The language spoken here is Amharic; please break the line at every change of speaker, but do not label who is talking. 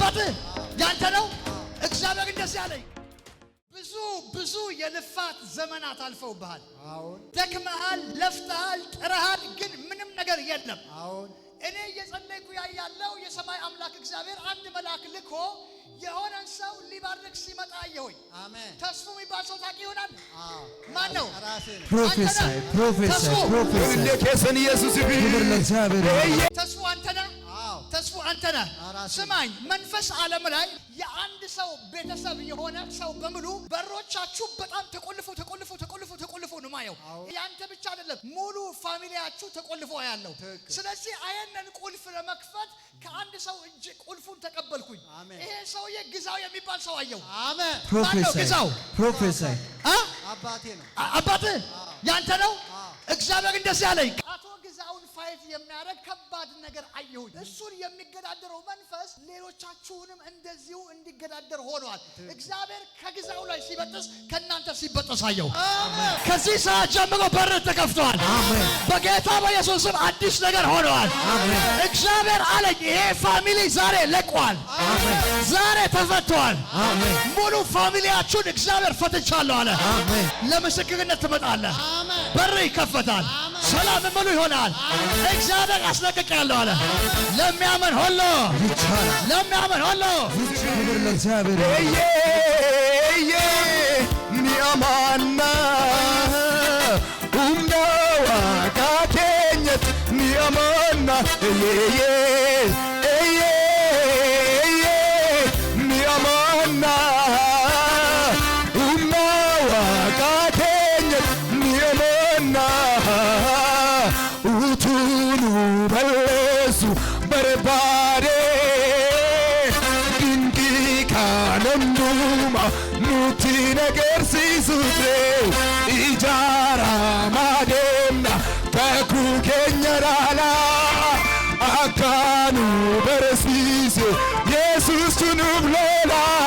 አባትህ ያንተ ነው። እግዚአብሔር እንደዚህ አለኝ። ብዙ ብዙ የልፋት ዘመናት አልፈውብሃል። ደክመሃል፣ ለፍተሃል፣ ጥረሃል፣ ግን ምንም ነገር የለም። እኔ እየጸለይኩ ያያለው የሰማይ አምላክ እግዚአብሔር አንድ መልአክ ልኮ የሆነን ሰው ሊባርክ ሲመጣ አየሁኝ። ተስፉ የሚባል ሰው ታውቂ ይሆናል። ማን ነው? ተስፉ አንተ ነህ። አንተ ነህ። ስማኝ፣ መንፈስ ዓለም ላይ የአንድ ሰው ቤተሰብ የሆነ ሰው በሙሉ በሮቻችሁ በጣም ተቆልፎ ተቆልፎ ተቆልፎ ተቆልፎ ነው ማየው። ያንተ ብቻ አይደለም፣ ሙሉ ፋሚሊያችሁ ተቆልፎ ያለው። ስለዚህ አየንን ቁልፍ ለመክፈት ከአንድ ሰው እጅ ቁልፉን ተቀበልኩኝ። ይሄ ሰውዬ ግዛው የሚባል ሰው አየው።
ግዛው ፕሮፌሰር
አባቴ ነው።
አባቴ ያንተ ነው። እግዚአብሔር እንደዚህ አለኝ። አስወግዛውን ፋይት የሚያደርግ ከባድ ነገር አየሁኝ። እሱን የሚገዳደረው መንፈስ ሌሎቻችሁንም እንደዚሁ እንዲገዳደር ሆኗል። እግዚአብሔር ከግዛው ላይ ሲበጥስ ከእናንተ ሲበጥስ አየሁ። ከዚህ ሰዓት ጀምሮ በር ተከፍተዋል። በጌታ በኢየሱስ ስም አዲስ ነገር ሆነዋል። እግዚአብሔር አለኝ ይሄ ፋሚሊ ዛሬ ለቋል፣ ዛሬ ተፈቷል። ሙሉ ፋሚሊያችሁን እግዚአብሔር ፈትቻለሁ አለ። ለምስክርነት ትመጣለህ። በር ይከፈታል። ሰላም ምሉ ይሆናል። እግዚአብሔር አስለቅቄአለሁ አለ። ለሚያምን ሁሉ ለሚያምን ሁሉ
ክብር ለእግዚአብሔር። እየየ ኒያማና ኡምዳዋ ካቴኘት ኒያማና እየየ እየ ቡቲ ነገር ሲሱቴ ኢጃራ ማዴና ተኩ አካኑ በረሲሴ የሱስ ቹኑብ ሎላ